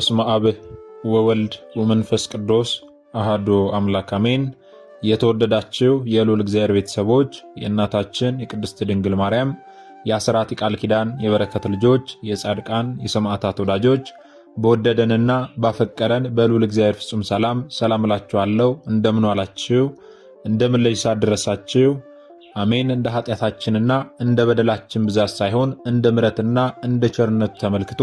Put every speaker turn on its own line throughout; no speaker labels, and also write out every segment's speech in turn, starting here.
በስመ አብ ወወልድ ወመንፈስ ቅዱስ አሃዶ አምላክ አሜን። የተወደዳችሁ የልዑል እግዚአብሔር ቤተሰቦች የእናታችን የቅድስት ድንግል ማርያም የአስራት ቃል ኪዳን የበረከት ልጆች የጻድቃን የሰማዕታት ወዳጆች በወደደንና ባፈቀረን በልዑል እግዚአብሔር ፍጹም ሰላም ሰላም እላችኋለሁ። እንደምን ዋላችሁ? እንደምን ለይሳ ደረሳችሁ? አሜን። እንደ ኃጢአታችንና እንደ በደላችን ብዛት ሳይሆን እንደ ምረትና እንደ ቸርነቱ ተመልክቶ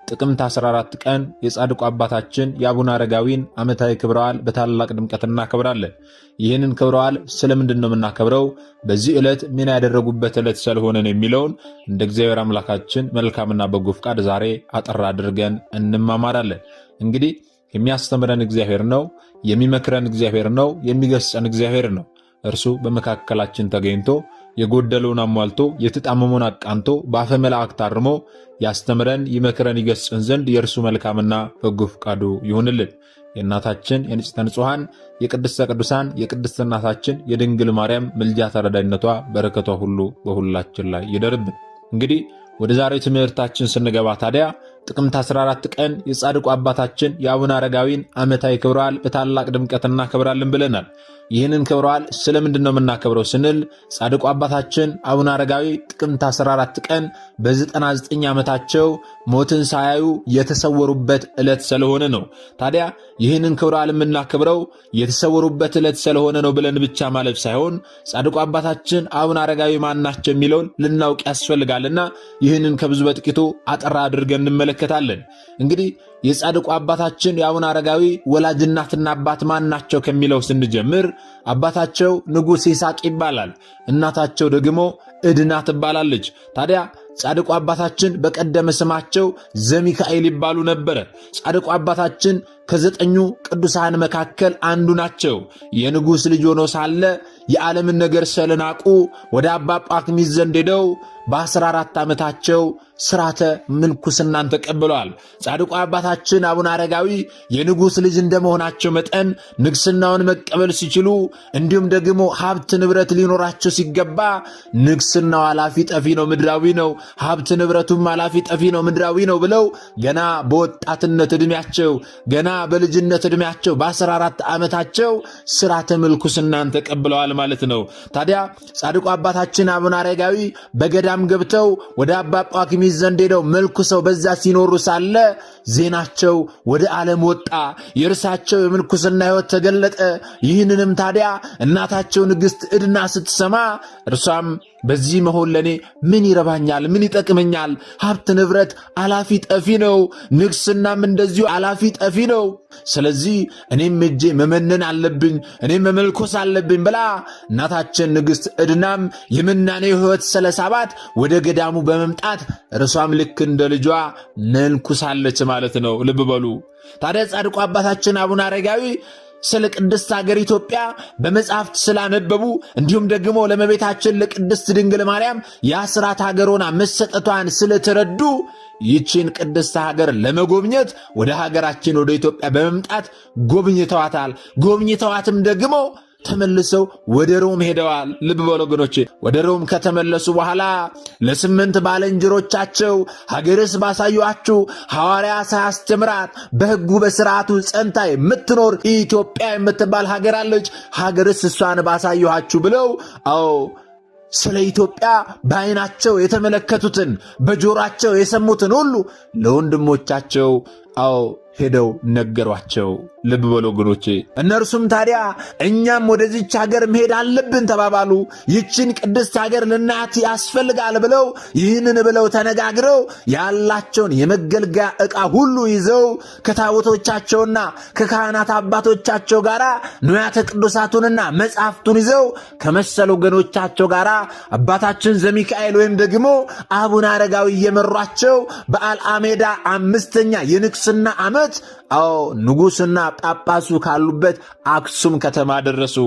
ጥቅምት 14 ቀን የጻድቁ አባታችን የአቡነ አረጋዊን ዓመታዊ ክብረ በዓል በታላቅ ድምቀት እናከብራለን። ይህንን ክብረ በዓል ስለምንድን ነው የምናከብረው? በዚህ ዕለት ምን ያደረጉበት ዕለት ስለሆነን የሚለውን እንደ እግዚአብሔር አምላካችን መልካምና በጎ ፍቃድ ዛሬ አጠር አድርገን እንማማራለን። እንግዲህ የሚያስተምረን እግዚአብሔር ነው፣ የሚመክረን እግዚአብሔር ነው፣ የሚገስጸን እግዚአብሔር ነው። እርሱ በመካከላችን ተገኝቶ የጎደለውን አሟልቶ የተጣመመውን አቃንቶ በአፈ መላእክት አርሞ ያስተምረን ይመክረን ይገስጽን ዘንድ የእርሱ መልካምና በጎ ፈቃዱ ይሁንልን። የእናታችን የንጽሕተ ንጹሐን የቅድስተ ቅዱሳን የቅድስት እናታችን የድንግል ማርያም ምልጃ ተረዳጅነቷ በረከቷ ሁሉ በሁላችን ላይ ይደርብን። እንግዲህ ወደ ዛሬው ትምህርታችን ስንገባ ታዲያ ጥቅምት 14 ቀን የጻድቁ አባታችን የአቡነ አረጋዊን ዓመታዊ ክብረ በዓል በታላቅ ድምቀት እናከብራለን ብለናል። ይህንን ክብረ በዓል ስለምንድን ነው የምናከብረው ስንል ጻድቁ አባታችን አቡነ አረጋዊ ጥቅምት 14 ቀን በ99 ዓመታቸው ሞትን ሳያዩ የተሰወሩበት ዕለት ስለሆነ ነው። ታዲያ ይህንን ክብረ በዓል የምናከብረው የተሰወሩበት ዕለት ስለሆነ ነው ብለን ብቻ ማለፍ ሳይሆን ጻድቁ አባታችን አቡነ አረጋዊ ማን ናቸው የሚለውን ልናውቅ ያስፈልጋልና ይህንን ከብዙ በጥቂቱ አጠራ አድርገን እንመለከታለን። እንግዲህ የጻድቁ አባታችን የአቡነ አረጋዊ ወላጅናትና አባት ማን ናቸው ከሚለው ስንጀምር አባታቸው ንጉሥ ይስሐቅ ይባላል። እናታቸው ደግሞ ዕድና ትባላለች። ታዲያ ጻድቁ አባታችን በቀደመ ስማቸው ዘሚካኤል ይባሉ ነበረ። ጻድቁ አባታችን ከዘጠኙ ቅዱሳን መካከል አንዱ ናቸው። የንጉሥ ልጅ ሆኖ ሳለ የዓለምን ነገር ስለናቁ ወደ አባ ጳኩሚስ ዘንድ ሄደው በአስራ 14 ዓመታቸው ስርዓተ ምንኩስናን ተቀብለዋል። ጻድቁ አባታችን አቡነ አረጋዊ የንጉሥ ልጅ እንደመሆናቸው መጠን ንግስናውን መቀበል ሲችሉ፣ እንዲሁም ደግሞ ሀብት ንብረት ሊኖራቸው ሲገባ ንግሥናው ኃላፊ ጠፊ ነው፣ ምድራዊ ነው፣ ሀብት ንብረቱም አላፊ ጠፊ ነው፣ ምድራዊ ነው ብለው ገና በወጣትነት ዕድሜያቸው ገና በልጅነት ዕድሜያቸው በ14 ዓመታቸው ስርዓተ ምልኩስናን ተቀብለዋል ማለት ነው። ታዲያ ጻድቁ አባታችን አቡነ አረጋዊ በገዳም ገብተው ወደ አባ ጳኩሚስ ዘንድ ሄደው መልኩሰው በዛ ሲኖሩ ሳለ ዜናቸው ወደ ዓለም ወጣ። የእርሳቸው የምልኩስና ሕይወት ተገለጠ። ይህንንም ታዲያ እናታቸው ንግሥት ዕድና ስትሰማ እርሷም በዚህ መሆን ለእኔ ምን ይረባኛል? ምን ይጠቅመኛል? ሀብት ንብረት አላፊ ጠፊ ነው። ንግስናም እንደዚሁ አላፊ ጠፊ ነው። ስለዚህ እኔም እጄ መመነን አለብኝ፣ እኔም መመልኮስ አለብኝ ብላ እናታችን ንግሥት ዕድናም የምናኔ ሕይወት ስለሳባት ወደ ገዳሙ በመምጣት እርሷም ልክ እንደ ልጇ መንኩሳለች ማለት ነው። ልብ በሉ ታዲያ ጻድቁ አባታችን አቡነ አረጋዊ ስለ ቅድስት ሀገር ኢትዮጵያ በመጽሐፍት ስላነበቡ እንዲሁም ደግሞ ለመቤታችን ለቅድስት ድንግል ማርያም የአስራት ሀገር ሆና መሰጠቷን ስለተረዱ ይችን ቅድስት ሀገር ለመጎብኘት ወደ ሀገራችን ወደ ኢትዮጵያ በመምጣት ጎብኝተዋታል። ጎብኝተዋትም ደግሞ ተመልሰው ወደ ሮም ሄደዋል። ልብ በሉ ወገኖቼ፣ ወደ ሮም ከተመለሱ በኋላ ለስምንት ባልንጀሮቻቸው ሀገርስ ባሳዩአችሁ ሐዋርያ ሳያስተምራት በሕጉ በስርዓቱ ጸንታ የምትኖር ኢትዮጵያ የምትባል ሀገር አለች። ሀገርስ እሷን ባሳዩኋችሁ ብለው አዎ ስለ ኢትዮጵያ በዓይናቸው የተመለከቱትን በጆሯቸው የሰሙትን ሁሉ ለወንድሞቻቸው አዎ ሄደው ነገሯቸው። ልብ በሉ ወገኖቼ። እነርሱም ታዲያ እኛም ወደዚች ሀገር መሄድ አለብን ተባባሉ። ይችን ቅድስት ሀገር ልናያት ያስፈልጋል ብለው ይህንን ብለው ተነጋግረው ያላቸውን የመገልገያ ዕቃ ሁሉ ይዘው ከታቦቶቻቸውና ከካህናት አባቶቻቸው ጋር ንዋያተ ቅዱሳቱንና መጻሕፍቱን ይዘው ከመሰል ወገኖቻቸው ጋር አባታችን ዘሚካኤል ወይም ደግሞ አቡነ አረጋዊ እየመሯቸው በአልአሜዳ አምስተኛ የንግስና ዓመት አዎ ንጉሥና ጳጳሱ ካሉበት አክሱም ከተማ ደረሱ።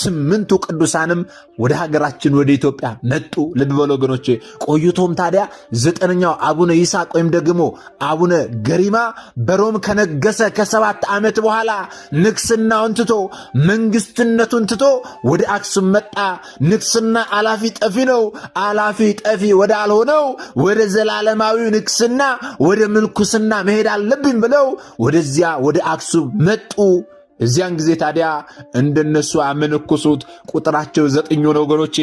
ስምንቱ ቅዱሳንም ወደ ሀገራችን ወደ ኢትዮጵያ መጡ። ልብ በሉ ወገኖቼ። ቆይቶም ታዲያ ዘጠነኛው አቡነ ይስሐቅ ወይም ደግሞ አቡነ ገሪማ በሮም ከነገሰ ከሰባት ዓመት በኋላ ንግስናውን ትቶ መንግስትነቱን ትቶ ወደ አክሱም መጣ። ንግስና አላፊ ጠፊ ነው። አላፊ ጠፊ ወደ አልሆነው ወደ ዘላለማዊ ንግስና ወደ ምልኩስና መሄድ አለብኝ ብለው ወደዚያ ወደ አክሱም መጡ። በዚያን ጊዜ ታዲያ እንደነሱ አመነኮሱት። ቁጥራቸው ዘጠኙ ሆነ ወገኖቼ፣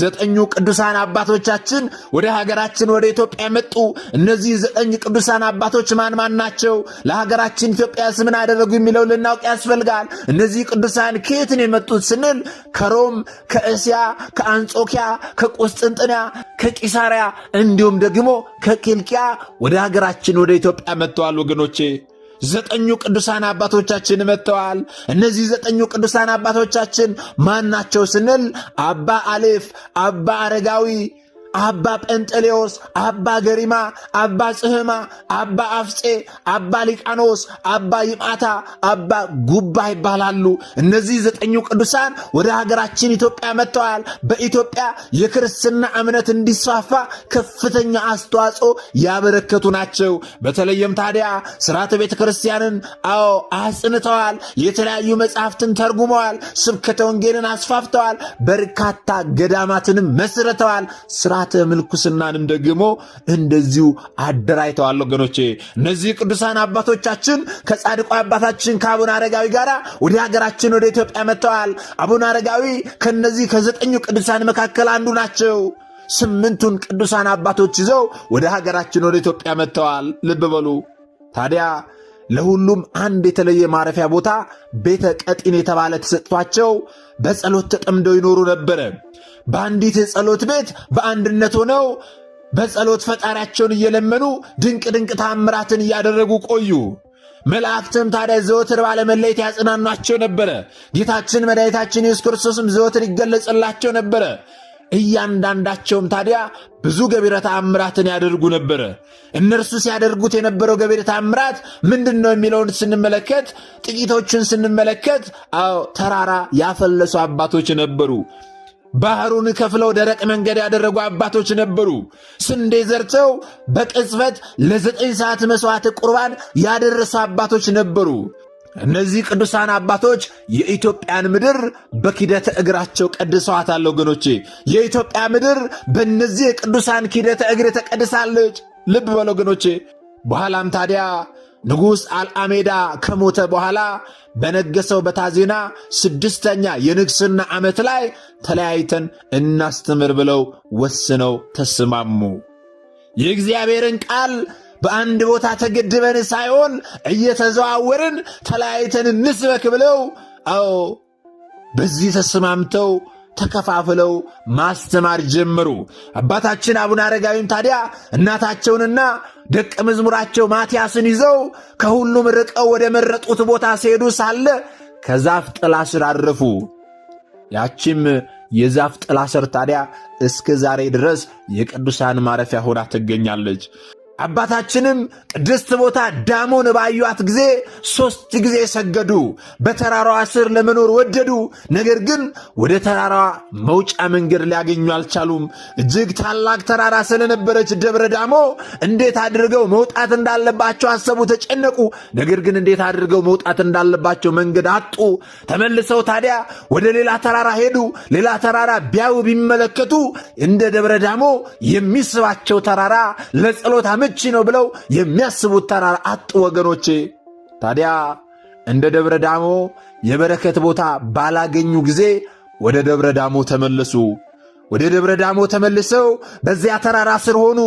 ዘጠኙ ቅዱሳን አባቶቻችን ወደ ሀገራችን ወደ ኢትዮጵያ የመጡ እነዚህ ዘጠኝ ቅዱሳን አባቶች ማን ማን ናቸው? ለሀገራችን ኢትዮጵያ ስምን አደረጉ? የሚለው ልናውቅ ያስፈልጋል። እነዚህ ቅዱሳን ከየትን የመጡት ስንል ከሮም፣ ከእስያ፣ ከአንጾኪያ፣ ከቁስጥንጥንያ፣ ከቂሳሪያ እንዲሁም ደግሞ ከኪልቅያ ወደ ሀገራችን ወደ ኢትዮጵያ መጥተዋል ወገኖቼ ዘጠኙ ቅዱሳን አባቶቻችን መጥተዋል። እነዚህ ዘጠኙ ቅዱሳን አባቶቻችን ማን ናቸው ስንል አባ አሌፍ፣ አባ አረጋዊ፣ አባ ጴንጠሌዎስ፣ አባ ገሪማ፣ አባ ጽህማ፣ አባ አፍፄ፣ አባ ሊቃኖስ፣ አባ ይማታ፣ አባ ጉባ ይባላሉ። እነዚህ ዘጠኙ ቅዱሳን ወደ ሀገራችን ኢትዮጵያ መጥተዋል። በኢትዮጵያ የክርስትና እምነት እንዲስፋፋ ከፍተኛ አስተዋጽኦ ያበረከቱ ናቸው። በተለይም ታዲያ ስርዓተ ቤተ ክርስቲያንን አዎ አጽንተዋል። የተለያዩ መጽሐፍትን ተርጉመዋል። ስብከተ ወንጌልን አስፋፍተዋል። በርካታ ገዳማትንም መስርተዋል። ስራ ስርዓተ ምልኩስናንም ደግሞ እንደዚሁ አደራጅተዋል። ወገኖቼ እነዚህ ቅዱሳን አባቶቻችን ከጻድቁ አባታችን ከአቡነ አረጋዊ ጋር ወደ ሀገራችን ወደ ኢትዮጵያ መጥተዋል። አቡነ አረጋዊ ከነዚህ ከዘጠኙ ቅዱሳን መካከል አንዱ ናቸው። ስምንቱን ቅዱሳን አባቶች ይዘው ወደ ሀገራችን ወደ ኢትዮጵያ መጥተዋል። ልብ በሉ ታዲያ ለሁሉም አንድ የተለየ ማረፊያ ቦታ ቤተ ቀጢን የተባለ ተሰጥቷቸው በጸሎት ተጠምደው ይኖሩ ነበረ። በአንዲት የጸሎት ቤት በአንድነት ሆነው በጸሎት ፈጣሪያቸውን እየለመኑ ድንቅ ድንቅ ታምራትን እያደረጉ ቆዩ። መላእክትም ታዲያ ዘወትር ባለመለየት ያጽናኗቸው ነበረ። ጌታችን መድኃኒታችን ኢየሱስ ክርስቶስም ዘወትር ይገለጽላቸው ነበረ። እያንዳንዳቸውም ታዲያ ብዙ ገቢረ ተአምራትን ያደርጉ ነበረ። እነርሱ ሲያደርጉት የነበረው ገቢረ ተአምራት ምንድን ነው የሚለውን ስንመለከት፣ ጥቂቶቹን ስንመለከት፣ አዎ ተራራ ያፈለሱ አባቶች ነበሩ። ባህሩን ከፍለው ደረቅ መንገድ ያደረጉ አባቶች ነበሩ። ስንዴ ዘርተው በቅጽበት ለዘጠኝ ሰዓት መሥዋዕት ቁርባን ያደረሱ አባቶች ነበሩ። እነዚህ ቅዱሳን አባቶች የኢትዮጵያን ምድር በኪደተ እግራቸው ቀድሰዋታል። ወገኖቼ የኢትዮጵያ ምድር በእነዚህ የቅዱሳን ኪደተ እግር ተቀድሳለች። ልብ በል ወገኖቼ። በኋላም ታዲያ ንጉሥ አልአሜዳ ከሞተ በኋላ በነገሰው በታዜና ስድስተኛ የንግሥና ዓመት ላይ ተለያይተን እናስተምር ብለው ወስነው ተስማሙ። የእግዚአብሔርን ቃል በአንድ ቦታ ተገድበን ሳይሆን እየተዘዋወርን ተለያይተን እንስበክ ብለው አዎ፣ በዚህ ተስማምተው ተከፋፍለው ማስተማር ጀመሩ። አባታችን አቡነ አረጋዊም ታዲያ እናታቸውንና ደቀ መዝሙራቸው ማትያስን ይዘው ከሁሉም ርቀው ወደ መረጡት ቦታ ሲሄዱ ሳለ ከዛፍ ጥላ ስር አረፉ። ያቺም የዛፍ ጥላ ስር ታዲያ እስከ ዛሬ ድረስ የቅዱሳን ማረፊያ ሆና ትገኛለች። አባታችንም ቅድስት ቦታ ዳሞን ባዩት ጊዜ ሦስት ጊዜ ሰገዱ። በተራራዋ ስር ለመኖር ወደዱ። ነገር ግን ወደ ተራራዋ መውጫ መንገድ ሊያገኙ አልቻሉም። እጅግ ታላቅ ተራራ ስለነበረች ደብረ ዳሞ እንዴት አድርገው መውጣት እንዳለባቸው አሰቡ፣ ተጨነቁ። ነገር ግን እንዴት አድርገው መውጣት እንዳለባቸው መንገድ አጡ። ተመልሰው ታዲያ ወደ ሌላ ተራራ ሄዱ። ሌላ ተራራ ቢያዩ ቢመለከቱ እንደ ደብረ ዳሞ የሚስባቸው ተራራ ለጸሎት ምቺ ነው ብለው የሚያስቡት ተራራ አጡ ወገኖቼ። ታዲያ እንደ ደብረ ዳሞ የበረከት ቦታ ባላገኙ ጊዜ ወደ ደብረ ዳሞ ተመለሱ። ወደ ደብረ ዳሞ ተመልሰው በዚያ ተራራ ስር ሆኑ።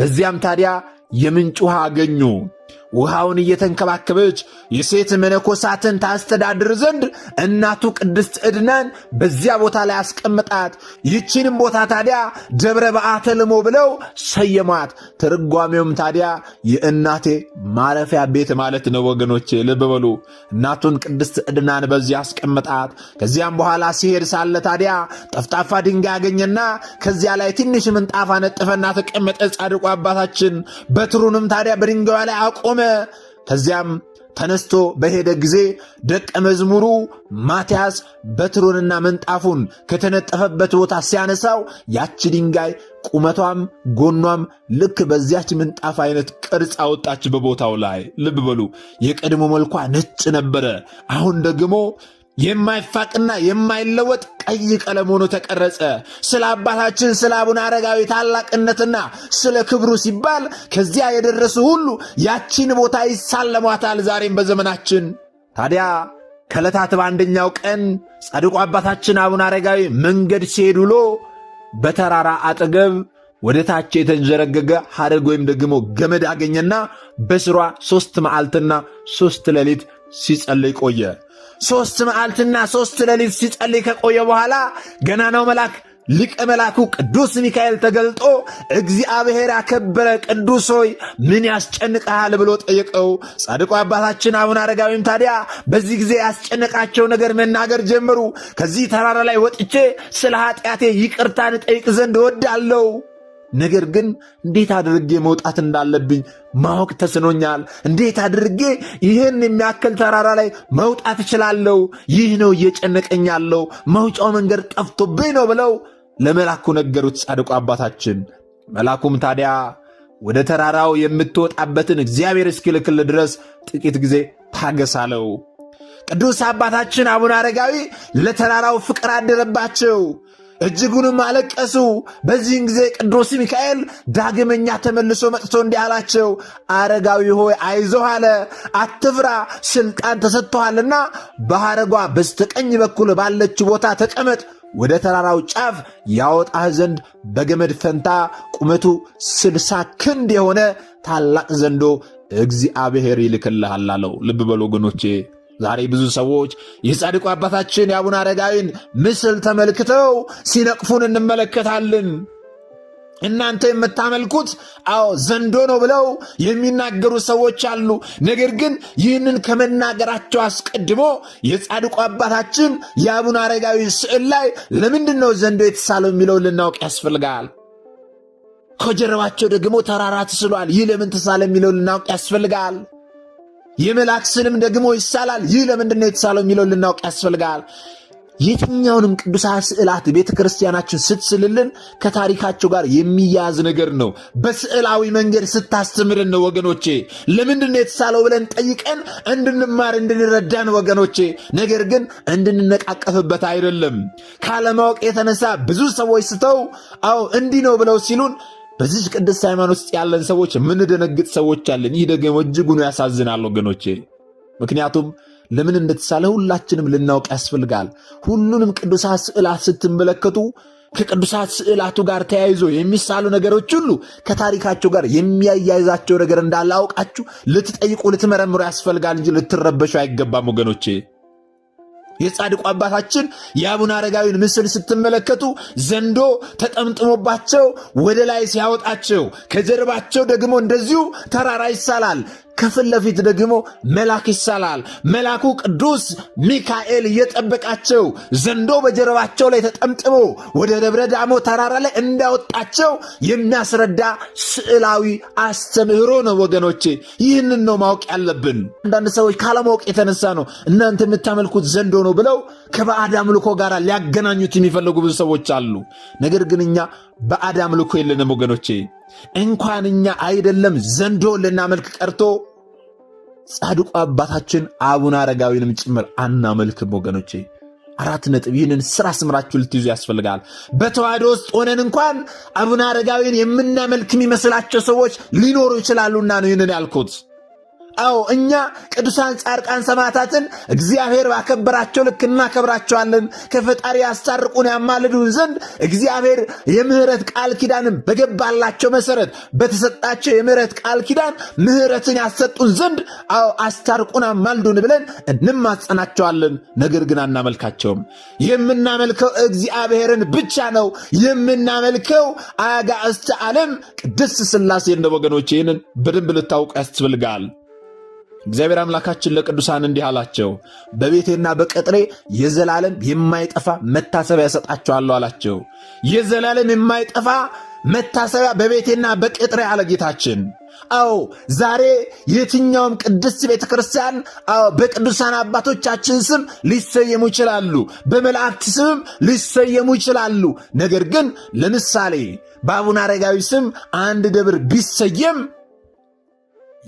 በዚያም ታዲያ የምንጭ ውሃ አገኙ። ውሃውን እየተንከባከበች የሴት መነኮሳትን ታስተዳድር ዘንድ እናቱ ቅድስት ዕድናን በዚያ ቦታ ላይ አስቀምጣት። ይችንም ቦታ ታዲያ ደብረ በአተ ልሞ ብለው ሰየሟት። ትርጓሜውም ታዲያ የእናቴ ማረፊያ ቤት ማለት ነው። ወገኖቼ ልብ በሉ። እናቱን ቅድስት ዕድናን በዚያ አስቀምጣት። ከዚያም በኋላ ሲሄድ ሳለ ታዲያ ጠፍጣፋ ድንጋይ አገኘና ከዚያ ላይ ትንሽ ምንጣፍ አነጥፈና ተቀመጠ። ጻድቁ አባታችን በትሩንም ታዲያ በድንጋዩ ላይ ቆመ። ከዚያም ተነስቶ በሄደ ጊዜ ደቀ መዝሙሩ ማትያስ በትሩንና ምንጣፉን ከተነጠፈበት ቦታ ሲያነሳው ያቺ ድንጋይ ቁመቷም ጎኗም ልክ በዚያች ምንጣፍ አይነት ቅርጽ አወጣች በቦታው ላይ። ልብ በሉ፣ የቀድሞ መልኳ ነጭ ነበረ። አሁን ደግሞ የማይፋቅና የማይለወጥ ቀይ ቀለም ሆኖ ተቀረጸ። ስለ አባታችን ስለ አቡነ አረጋዊ ታላቅነትና ስለ ክብሩ ሲባል ከዚያ የደረሱ ሁሉ ያቺን ቦታ ይሳለሟታል ዛሬም በዘመናችን። ታዲያ ከዕለታት በአንደኛው ቀን ጻድቁ አባታችን አቡነ አረጋዊ መንገድ ሲሄድ ውሎ በተራራ አጠገብ ወደ ታች የተንዘረገገ ሐረግ ወይም ደግሞ ገመድ አገኘና በስሯ ሦስት መዓልትና ሦስት ሌሊት ሲጸልይ ቆየ። ሶስት መዓልትና ሶስት ሌሊት ሲጸልይ ከቆየ በኋላ ገና ነው መልአክ ሊቀ መልአኩ ቅዱስ ሚካኤል ተገልጦ እግዚአብሔር ያከበረ ቅዱስ ሆይ ምን ያስጨንቀሃል ብሎ ጠየቀው። ጻድቁ አባታችን አቡነ አረጋዊም ታዲያ በዚህ ጊዜ ያስጨነቃቸው ነገር መናገር ጀመሩ። ከዚህ ተራራ ላይ ወጥቼ ስለ ኃጢአቴ ይቅርታን ጠይቅ ዘንድ እወዳለሁ ነገር ግን እንዴት አድርጌ መውጣት እንዳለብኝ ማወቅ ተስኖኛል። እንዴት አድርጌ ይህን የሚያክል ተራራ ላይ መውጣት እችላለሁ? ይህ ነው እየጨነቀኝ ያለው፣ መውጫው መንገድ ጠፍቶብኝ ነው ብለው ለመላኩ ነገሩት ጻድቁ አባታችን። መላኩም ታዲያ ወደ ተራራው የምትወጣበትን እግዚአብሔር እስኪልክል ድረስ ጥቂት ጊዜ ታገስ አለው። ቅዱስ አባታችን አቡነ አረጋዊ ለተራራው ፍቅር አደረባቸው። እጅጉንም አለቀሱ። በዚህን ጊዜ ቅዱስ ሚካኤል ዳግመኛ ተመልሶ መጥቶ እንዲህ አላቸው፣ አረጋዊ ሆይ አይዞህ አለ፣ አትፍራ፣ ስልጣን ተሰጥቶሃልና በሐረጓ በስተቀኝ በኩል ባለች ቦታ ተቀመጥ ወደ ተራራው ጫፍ ያወጣህ ዘንድ በገመድ ፈንታ ቁመቱ ስልሳ ክንድ የሆነ ታላቅ ዘንዶ እግዚአብሔር ይልክልሃል አለው። ልብ በሉ ወገኖቼ። ዛሬ ብዙ ሰዎች የጻድቁ አባታችን የአቡነ አረጋዊን ምስል ተመልክተው ሲነቅፉን እንመለከታለን። እናንተ የምታመልኩት አዎ ዘንዶ ነው ብለው የሚናገሩ ሰዎች አሉ። ነገር ግን ይህንን ከመናገራቸው አስቀድሞ የጻድቁ አባታችን የአቡነ አረጋዊ ስዕል ላይ ለምንድን ነው ዘንዶ የተሳለው የሚለውን ልናውቅ ያስፈልጋል። ከጀርባቸው ደግሞ ተራራ ተስሏል። ይህ ለምን ተሳለ የሚለውን ልናውቅ ያስፈልጋል። የመልአክ ስንም ደግሞ ይሳላል። ይህ ለምንድን ነው የተሳለው የሚለው ልናውቅ ያስፈልጋል። የትኛውንም ቅዱሳት ስዕላት ቤተ ክርስቲያናችን ስትስልልን ከታሪካቸው ጋር የሚያያዝ ነገር ነው። በስዕላዊ መንገድ ስታስተምርን ነው ወገኖቼ። ለምንድን ነው የተሳለው ብለን ጠይቀን እንድንማር እንድንረዳን ወገኖቼ። ነገር ግን እንድንነቃቀፍበት አይደለም። ካለማወቅ የተነሳ ብዙ ሰዎች ስተው አዎ እንዲህ ነው ብለው ሲሉን በዚህ ቅድስት ሃይማኖት ውስጥ ያለን ሰዎች የምንደነግጥ ሰዎች አለን። ይህ ደግሞ እጅጉን ያሳዝናል ወገኖቼ። ምክንያቱም ለምን እንደተሳለ ሁላችንም ልናውቅ ያስፈልጋል። ሁሉንም ቅዱሳት ስዕላት ስትመለከቱ ከቅዱሳት ስዕላቱ ጋር ተያይዞ የሚሳሉ ነገሮች ሁሉ ከታሪካቸው ጋር የሚያያይዛቸው ነገር እንዳለ አውቃችሁ ልትጠይቁ፣ ልትመረምሩ ያስፈልጋል እንጂ ልትረበሹ አይገባም ወገኖቼ። የጻድቁ አባታችን የአቡነ አረጋዊን ምስል ስትመለከቱ ዘንዶ ተጠምጥሞባቸው ወደ ላይ ሲያወጣቸው ከጀርባቸው ደግሞ እንደዚሁ ተራራ ይሳላል። ከፊት ለፊት ደግሞ መልአክ ይሳላል። መልአኩ ቅዱስ ሚካኤል እየጠበቃቸው ዘንዶ በጀርባቸው ላይ ተጠምጥሞ ወደ ደብረ ዳሞ ተራራ ላይ እንዳወጣቸው የሚያስረዳ ስዕላዊ አስተምህሮ ነው። ወገኖቼ ይህንን ነው ማወቅ ያለብን። አንዳንድ ሰዎች ካለማወቅ የተነሳ ነው እናንተ የምታመልኩት ዘንዶ ነው ብለው ከባዕድ አምልኮ ጋር ሊያገናኙት የሚፈልጉ ብዙ ሰዎች አሉ። ነገር ግን እኛ በአድ አምልኮ የለንም ወገኖቼ። እንኳን እኛ አይደለም ዘንዶ ልናመልክ ቀርቶ ጻድቁ አባታችን አቡነ አረጋዊንም ጭምር አናመልክም ወገኖቼ። አራት ነጥብ። ይህንን ስራ ስምራችሁ ልትይዙ ያስፈልጋል። በተዋህዶ ውስጥ ሆነን እንኳን አቡነ አረጋዊን የምናመልክ የሚመስላቸው ሰዎች ሊኖሩ ይችላሉና ነው ይህንን ያልኩት። አዎ እኛ ቅዱሳን ጻድቃን ሰማዕታትን እግዚአብሔር ባከበራቸው ልክ እናከብራቸዋለን። ከፈጣሪ ያስታርቁን ያማልዱን ዘንድ እግዚአብሔር የምህረት ቃል ኪዳንን በገባላቸው መሰረት በተሰጣቸው የምህረት ቃል ኪዳን ምህረትን ያሰጡን ዘንድ አዎ አስታርቁን አማልዱን ብለን እንማጸናቸዋለን። ነገር ግን አናመልካቸውም። የምናመልከው እግዚአብሔርን ብቻ ነው። የምናመልከው አጋዕዝተ ዓለም ቅድስት ስላሴ እንደ ወገኖች ይህንን በደንብ ልታውቁ ያስፈልጋል። እግዚአብሔር አምላካችን ለቅዱሳን እንዲህ አላቸው፣ በቤቴና በቅጥሬ የዘላለም የማይጠፋ መታሰቢያ እሰጣቸዋለሁ አላቸው። የዘላለም የማይጠፋ መታሰቢያ በቤቴና በቅጥሬ አለ ጌታችን። አዎ ዛሬ የትኛውም ቅድስት ቤተ ክርስቲያን በቅዱሳን አባቶቻችን ስም ሊሰየሙ ይችላሉ፣ በመላእክት ስምም ሊሰየሙ ይችላሉ። ነገር ግን ለምሳሌ በአቡነ አረጋዊ ስም አንድ ደብር ቢሰየም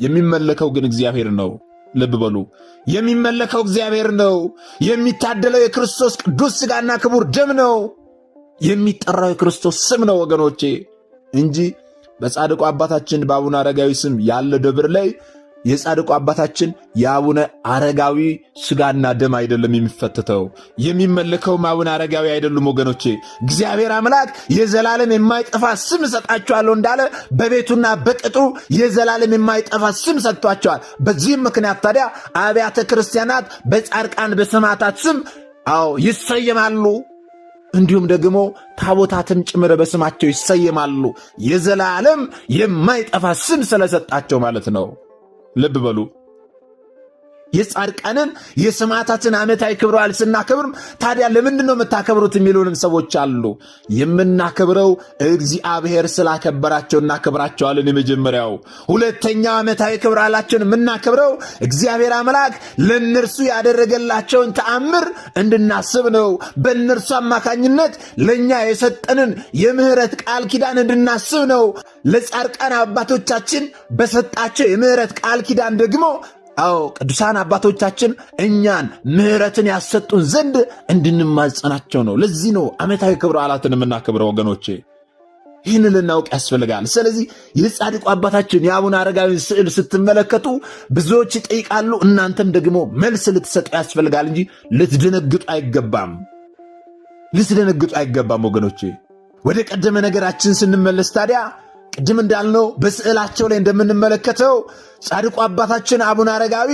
የሚመለከው ግን እግዚአብሔር ነው። ልብ በሉ፣ የሚመለከው እግዚአብሔር ነው። የሚታደለው የክርስቶስ ቅዱስ ሥጋና ክቡር ደም ነው። የሚጠራው የክርስቶስ ስም ነው ወገኖቼ፣ እንጂ በጻድቁ አባታችን በአቡነ አረጋዊ ስም ያለ ደብር ላይ የጻድቁ አባታችን የአቡነ አረጋዊ ስጋና ደም አይደለም የሚፈትተው የሚመለከውም አቡነ አረጋዊ አይደሉም። ወገኖቼ እግዚአብሔር አምላክ የዘላለም የማይጠፋ ስም እሰጣቸዋለሁ እንዳለ በቤቱና በቅጡ የዘላለም የማይጠፋ ስም ሰጥቷቸዋል። በዚህም ምክንያት ታዲያ አብያተ ክርስቲያናት በጻድቃን በሰማዕታት ስም አዎ ይሰየማሉ። እንዲሁም ደግሞ ታቦታትም ጭምር በስማቸው ይሰየማሉ። የዘላለም የማይጠፋ ስም ስለሰጣቸው ማለት ነው። ልብ በሉ የጻድቃንን የሰማዕታትን ዓመታዊ ክብረ በዓል ስናከብርም ታዲያ ለምንድን ነው የምታከብሩት የሚሉንም ሰዎች አሉ። የምናከብረው እግዚአብሔር ስላከበራቸው እናከብራቸዋለን። የመጀመሪያው። ሁለተኛው ዓመታዊ ክብረ በዓላቸውን የምናከብረው እግዚአብሔር አምላክ ለእነርሱ ያደረገላቸውን ተአምር እንድናስብ ነው። በእነርሱ አማካኝነት ለእኛ የሰጠንን የምህረት ቃል ኪዳን እንድናስብ ነው። ለጻድቃን አባቶቻችን በሰጣቸው የምህረት ቃል ኪዳን ደግሞ አዎ ቅዱሳን አባቶቻችን እኛን ምሕረትን ያሰጡን ዘንድ እንድንማጸናቸው ነው። ለዚህ ነው ዓመታዊ ክብረ በዓላትን የምናከብረው ወገኖቼ፣ ይህን ልናውቅ ያስፈልጋል። ስለዚህ የጻድቁ አባታችን የአቡነ አረጋዊን ስዕል ስትመለከቱ ብዙዎች ይጠይቃሉ። እናንተም ደግሞ መልስ ልትሰጡ ያስፈልጋል እንጂ ልትደነግጡ አይገባም። ልትደነግጡ አይገባም ወገኖቼ። ወደ ቀደመ ነገራችን ስንመለስ ታዲያ ቅድም እንዳልነው በስዕላቸው ላይ እንደምንመለከተው ጻድቁ አባታችን አቡነ አረጋዊ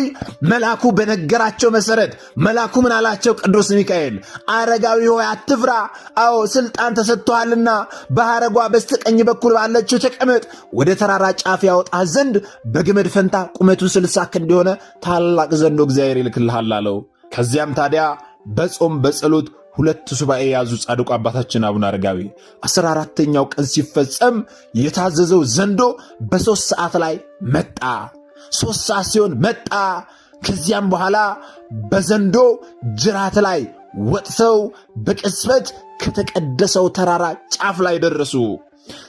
መልአኩ በነገራቸው መሰረት መልአኩ ምን አላቸው? ቅዱስ ሚካኤል አረጋዊ ሆይ አትፍራ፣ አዎ ስልጣን ተሰጥቶሃልና በሐረጓ በስተቀኝ በኩል ባለችው ተቀመጥ፣ ወደ ተራራ ጫፍ ያወጣ ዘንድ በግመድ ፈንታ ቁመቱ ስልሳ ክንድ የሆነ ታላቅ ዘንዶ እግዚአብሔር ይልክልሃል አለው። ከዚያም ታዲያ በጾም በጸሎት ሁለት ሱባኤ የያዙ ጻድቁ አባታችን አቡነ አረጋዊ አስራ አራተኛው ቀን ሲፈጸም የታዘዘው ዘንዶ በሦስት ሰዓት ላይ መጣ። ሶስት ሰዓት ሲሆን መጣ። ከዚያም በኋላ በዘንዶ ጅራት ላይ ወጥተው በቅጽበት ከተቀደሰው ተራራ ጫፍ ላይ ደረሱ።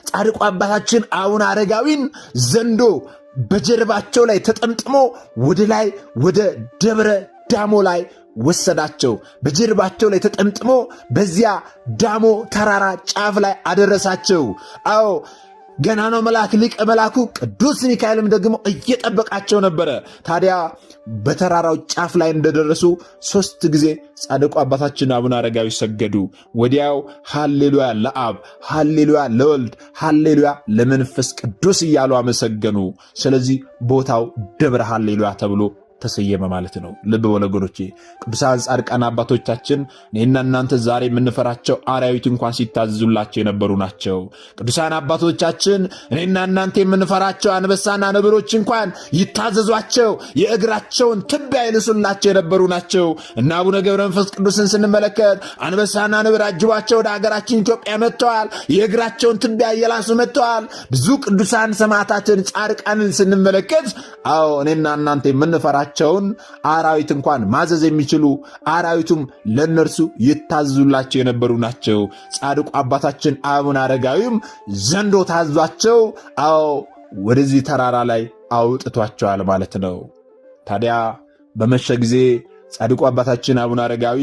ጻድቁ አባታችን አቡነ አረጋዊን ዘንዶ በጀርባቸው ላይ ተጠምጥሞ ወደ ላይ ወደ ደብረ ዳሞ ላይ ወሰዳቸው። በጀርባቸው ላይ ተጠምጥሞ በዚያ ዳሞ ተራራ ጫፍ ላይ አደረሳቸው። አዎ ገና ነው መልአክ ሊቀ መላኩ ቅዱስ ሚካኤልም ደግሞ እየጠበቃቸው ነበረ። ታዲያ በተራራው ጫፍ ላይ እንደደረሱ ሶስት ጊዜ ጻድቁ አባታችን አቡነ አረጋዊ ሰገዱ። ወዲያው ሃሌሉያ ለአብ፣ ሃሌሉያ ለወልድ፣ ሃሌሉያ ለመንፈስ ቅዱስ እያሉ አመሰገኑ። ስለዚህ ቦታው ደብረ ሃሌሉያ ተብሎ ተሰየመ ማለት ነው። ልብ ወለጎዶቼ ቅዱሳን ጻድቃን አባቶቻችን እኔና እናንተ ዛሬ የምንፈራቸው አራዊት እንኳን ሲታዘዙላቸው የነበሩ ናቸው። ቅዱሳን አባቶቻችን እኔና እናንተ የምንፈራቸው አንበሳና ነብሮች እንኳን ይታዘዟቸው፣ የእግራቸውን ትቢያ ይልሱላቸው የነበሩ ናቸው እና አቡነ ገብረ መንፈስ ቅዱስን ስንመለከት አንበሳና ነብር አጅቧቸው ወደ ሀገራችን ኢትዮጵያ መጥተዋል። የእግራቸውን ትቢያ እየላሱ መጥተዋል። ብዙ ቅዱሳን ሰማዕታትን ጻድቃንን ስንመለከት አዎ እኔና እናንተ የምንፈራ ያላቸውን አራዊት እንኳን ማዘዝ የሚችሉ አራዊቱም ለእነርሱ ይታዙላቸው የነበሩ ናቸው። ጻድቁ አባታችን አቡነ አረጋዊም ዘንዶ ታዟቸው፣ አዎ ወደዚህ ተራራ ላይ አውጥቷቸዋል ማለት ነው። ታዲያ በመሸ ጊዜ ጻድቁ አባታችን አቡነ አረጋዊ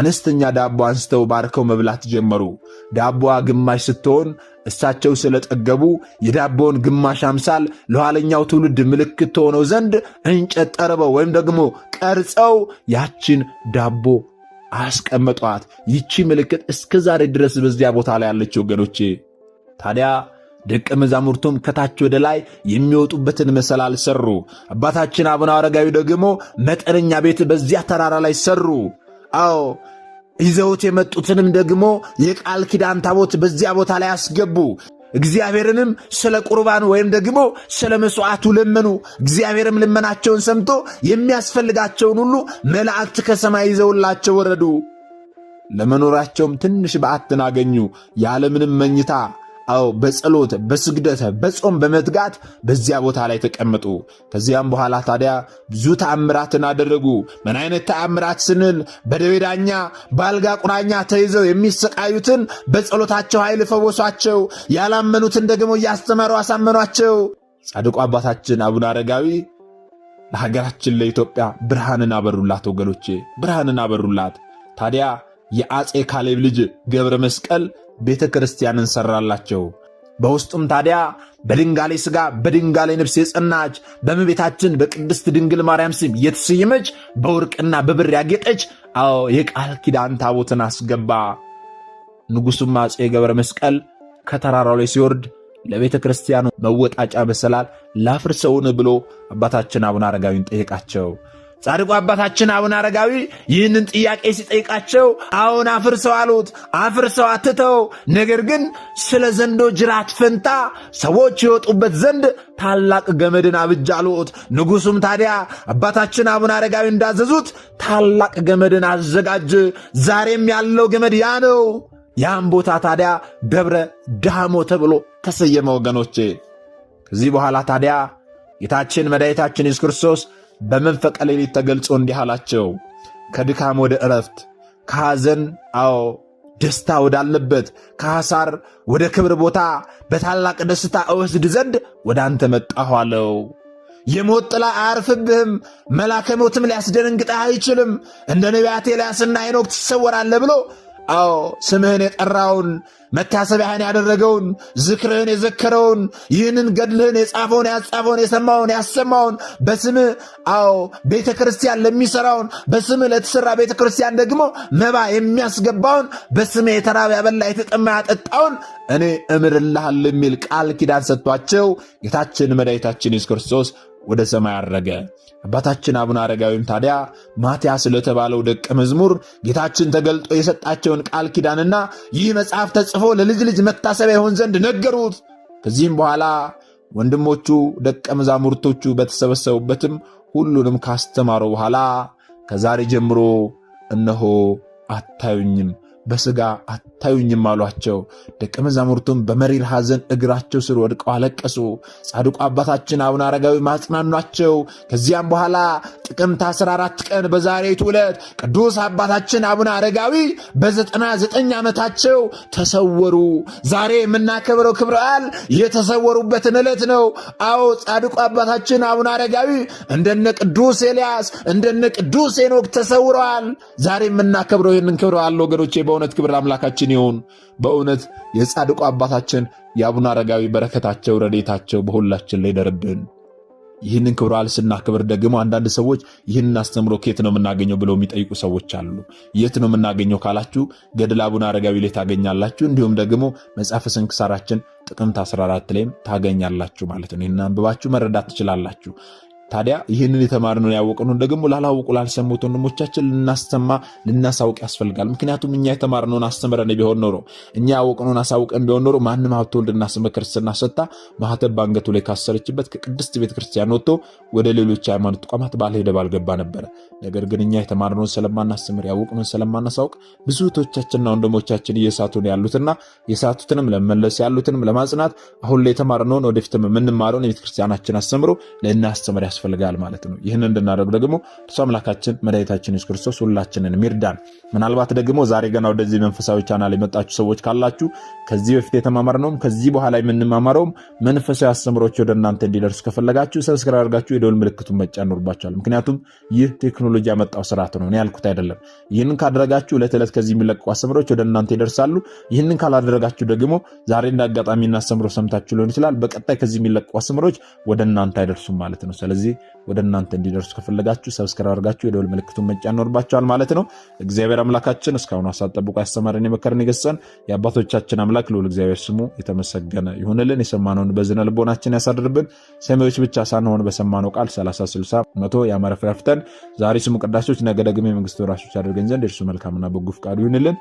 አነስተኛ ዳቦ አንስተው ባርከው መብላት ጀመሩ። ዳቦዋ ግማሽ ስትሆን እሳቸው ስለጠገቡ የዳቦውን ግማሽ አምሳል ለኋለኛው ትውልድ ምልክት ሆነው ዘንድ እንጨት ጠርበው ወይም ደግሞ ቀርጸው ያችን ዳቦ አስቀምጧት ይቺ ምልክት እስከ ዛሬ ድረስ በዚያ ቦታ ላይ ያለች። ወገኖቼ ታዲያ ደቀ መዛሙርቱም ከታች ወደ ላይ የሚወጡበትን መሰላል ሰሩ። አባታችን አቡነ አረጋዊ ደግሞ መጠነኛ ቤት በዚያ ተራራ ላይ ሰሩ። አዎ ይዘውት የመጡትንም ደግሞ የቃል ኪዳን ታቦት በዚያ ቦታ ላይ አስገቡ። እግዚአብሔርንም ስለ ቁርባን ወይም ደግሞ ስለ መሥዋዕቱ ለመኑ። እግዚአብሔርም ልመናቸውን ሰምቶ የሚያስፈልጋቸውን ሁሉ መላእክት ከሰማይ ይዘውላቸው ወረዱ። ለመኖራቸውም ትንሽ በዓትን አገኙ ያለምንም መኝታ አዎ በጸሎት በስግደት በጾም በመትጋት በዚያ ቦታ ላይ ተቀመጡ። ከዚያም በኋላ ታዲያ ብዙ ተአምራትን አደረጉ። ምን አይነት ተአምራት ስንል በደዌ ዳኛ በአልጋ ቁራኛ ተይዘው የሚሰቃዩትን በጸሎታቸው ኃይል ፈወሷቸው። ያላመኑትን ደግሞ እያስተማሩ አሳመኗቸው። ጻድቁ አባታችን አቡነ አረጋዊ ለሀገራችን ለኢትዮጵያ ብርሃንን አበሩላት። ወገኖቼ ብርሃንን አበሩላት። ታዲያ የአፄ ካሌብ ልጅ ገብረ መስቀል ቤተ ክርስቲያንን ሰራላቸው። በውስጡም ታዲያ በድንጋሌ ሥጋ በድንጋሌ ነፍስ የጸናች በእመቤታችን በቅድስት ድንግል ማርያም ስም የተሰየመች በወርቅና በብር ያጌጠች አዎ የቃል ኪዳን ታቦትን አስገባ። ንጉሡም አጼ ገብረ መስቀል ከተራራው ላይ ሲወርድ ለቤተ ክርስቲያኑ መወጣጫ መሰላል ላፍርሰውን ብሎ አባታችን አቡነ አረጋዊን ጠየቃቸው። ጻድቁ አባታችን አቡነ አረጋዊ ይህንን ጥያቄ ሲጠይቃቸው አሁን አፍርሰው አሉት። አፍርሰው አትተው፣ ነገር ግን ስለ ዘንዶ ጅራት ፈንታ ሰዎች ይወጡበት ዘንድ ታላቅ ገመድን አብጅ አሉት። ንጉሡም ታዲያ አባታችን አቡነ አረጋዊ እንዳዘዙት ታላቅ ገመድን አዘጋጅ። ዛሬም ያለው ገመድ ያ ነው። ያም ቦታ ታዲያ ደብረ ዳሞ ተብሎ ተሰየመ። ወገኖቼ ከዚህ በኋላ ታዲያ ጌታችን መድኃኒታችን ኢየሱስ ክርስቶስ በመንፈቀ ሌሊት ተገልጾ እንዲህ አላቸው፣ ከድካም ወደ ዕረፍት፣ ከሐዘን አዎ ደስታ ወዳለበት ከሐሳር ወደ ክብር ቦታ በታላቅ ደስታ እወስድ ዘንድ ወደ አንተ መጣሁ አለው። የሞት ጥላ አያርፍብህም፣ መላከ ሞትም ሊያስደነግጥህ አይችልም። እንደ ነቢያት ኤልያስና ሄኖክ ትሰወራለህ ብሎ አዎ ስምህን የጠራውን መታሰቢያህን ያደረገውን ዝክርህን የዘከረውን ይህንን ገድልህን የጻፈውን ያጻፈውን የሰማውን ያሰማውን በስምህ አዎ ቤተ ክርስቲያን ለሚሰራውን በስምህ ለተሰራ ቤተ ክርስቲያን ደግሞ መባ የሚያስገባውን በስምህ የተራበ ያበላ የተጠማ ያጠጣውን እኔ እምርልሃል የሚል ቃል ኪዳን ሰጥቷቸው ጌታችን መድኃኒታችን ኢየሱስ ክርስቶስ ወደ ሰማይ አረገ። አባታችን አቡነ አረጋዊም ታዲያ ማቲያስ ለተባለው ደቀ መዝሙር ጌታችን ተገልጦ የሰጣቸውን ቃል ኪዳንና ይህ መጽሐፍ ተጽፎ ለልጅ ልጅ መታሰቢያ ይሆን ዘንድ ነገሩት። ከዚህም በኋላ ወንድሞቹ ደቀ መዛሙርቶቹ በተሰበሰቡበትም ሁሉንም ካስተማሩ በኋላ ከዛሬ ጀምሮ እነሆ አታዩኝም፣ በስጋ በሥጋ ታዩኝም አሏቸው። ደቀ መዛሙርቱም በመሪር ሐዘን እግራቸው ስር ወድቀው አለቀሱ። ጻድቁ አባታችን አቡነ አረጋዊ ማጽናኗቸው። ከዚያም በኋላ ጥቅምት 14 ቀን በዛሬቱ ዕለት ቅዱስ አባታችን አቡነ አረጋዊ በ99 ዓመታቸው ተሰወሩ። ዛሬ የምናከብረው ክብረ በዓል የተሰወሩበትን ዕለት ነው። አዎ ጻድቁ አባታችን አቡነ አረጋዊ እንደነ ቅዱስ ኤልያስ እንደነ ቅዱስ ሄኖክ ተሰውረዋል። ዛሬ የምናከብረው ይህንን ክብረ በዓል ወገኖቼ፣ በእውነት ክብር አምላካችን ለሁላችን ይሁን። በእውነት የጻድቁ አባታችን የአቡነ አረጋዊ በረከታቸው፣ ረዴታቸው በሁላችን ላይ ይደርብን። ይህንን ክብረ በዓል ስናክብር ደግሞ አንዳንድ ሰዎች ይህንን አስተምሮ ከየት ነው የምናገኘው ብለው የሚጠይቁ ሰዎች አሉ። የት ነው የምናገኘው ካላችሁ ገድለ አቡነ አረጋዊ ላይ ታገኛላችሁ። እንዲሁም ደግሞ መጽሐፈ ስንክሳራችን ጥቅምት 14 ላይም ታገኛላችሁ ማለት ነው። ይህን አንብባችሁ መረዳት ትችላላችሁ። ታዲያ ይህንን የተማርነውን ያወቅነውን ደግሞ ላላወቁ ላልሰሙት ወንድሞቻችን ልናስተማ ልናሳውቅ ያስፈልጋል። ምክንያቱም እኛ የተማርነውን አስተምረን ቢሆን ኖሮ እኛ ያወቅነውን አሳውቀን ቢሆን ኖሮ ማንም ሀብተወልድ እናስመ ክርስትና ሰጥታ ማህተብ በአንገቱ ላይ ካሰረችበት ከቅድስት ቤተ ክርስቲያን ወጥቶ ወደ ሌሎች ሃይማኖት ተቋማት ባልሄደ ባልገባ ነበረ። ነገር ግን እኛ የተማርነውን ስለማናስተምር ያወቅነውን ስለማናሳውቅ ብዙ እህቶቻችንና ወንድሞቻችን እየሳቱን ያሉትና የሳቱትንም ለመመለስ ያሉትንም ለማጽናት አሁን ላይ የተማርነውን ወደፊትም የምንማረውን የቤተክርስቲያናችን አስተምሮ ልናስተምር ያስፈልጋል ማለት ነው። ይህን እንድናደርግ ደግሞ እርሱ አምላካችን መድኃኒታችን ኢየሱስ ክርስቶስ ሁላችንን ሚርዳን። ምናልባት ደግሞ ዛሬ ገና ወደዚህ መንፈሳዊ ቻናል የመጣችሁ ሰዎች ካላችሁ ከዚህ በፊት የተማማርነውም ከዚህ በኋላ የምንማማረውም መንፈሳዊ አስተምሮች ወደ እናንተ እንዲደርሱ ከፈለጋችሁ ሰብስክራይብ አድርጋችሁ የደወል ምልክቱን መጫን ይኖርባችኋል። ምክንያቱም ይህ ቴክኖሎጂ ያመጣው ስርዓት ነው፣ ያልኩት አይደለም። ይህንን ካደረጋችሁ ዕለት ዕለት ከዚህ የሚለቁ አስተምሮች ወደ እናንተ ይደርሳሉ። ይህንን ካላደረጋችሁ ደግሞ ዛሬ እንደ አጋጣሚ እናስተምሮ ሰምታችሁ ሊሆን ይችላል፣ በቀጣይ ከዚህ የሚለቁ አስተምሮች ወደ እናንተ አይደርሱም ማለት ነው። ስለዚህ ጊዜ ወደ እናንተ እንዲደርሱ ከፈለጋችሁ ሰብስክራይብ አድርጋችሁ የደወል ምልክቱን መጫን ይኖርባችኋል ማለት ነው። እግዚአብሔር አምላካችን እስካሁኑ ሀሳብ ጠብቆ ያስተማረን የመከረን የገሰጸን የአባቶቻችን አምላክ ልዑል እግዚአብሔር ስሙ የተመሰገነ ይሁንልን። የሰማነውን በዝነ ልቦናችን ያሳድርብን። ሰሚዎች ብቻ ሳንሆን በሰማነው ቃል ሰላሳ ስልሳ መቶ ያማረ ፍሬ አፍርተን ዛሬ ስሙ ቅዳሴዎች ነገ ደግሞ የመንግስት ወራሾች አድርገን ዘንድ እርሱ መልካምና በጎ ፈቃዱ ይሁንልን።